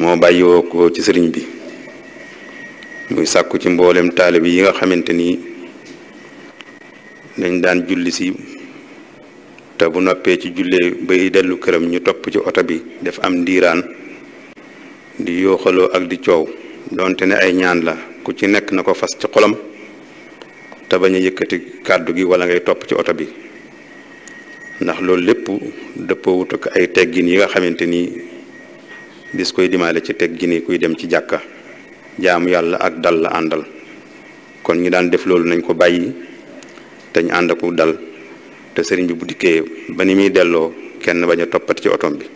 moo bàyyiwoo ko ci sëriñ bi muy sàkku ci mboolem taalib yi nga xamante ni dañ daan julli si te bu noppee ci jullee bay dellu këram ñu topp ci oto bi def am ndiiraan di yooxaloo ak di coow donte ne ay ñaan la ku ci nekk na ko fas ci xolam te bañ a yëkkati kàddu gi wala ngay topp ci oto bi ndax loolu lépp dëppoowut ak ay teggin yi nga xamante ni bis koy dimaale ci teg gi kuy dem ci jàkka jaamu yàlla ak dal la àndal kon ñu daan def loolu nañ ko bàyyi te ñu ànd ko dal te sëriñ bi bu dikkee ba ni muy delloo kenn bañ a toppati ci otom bi.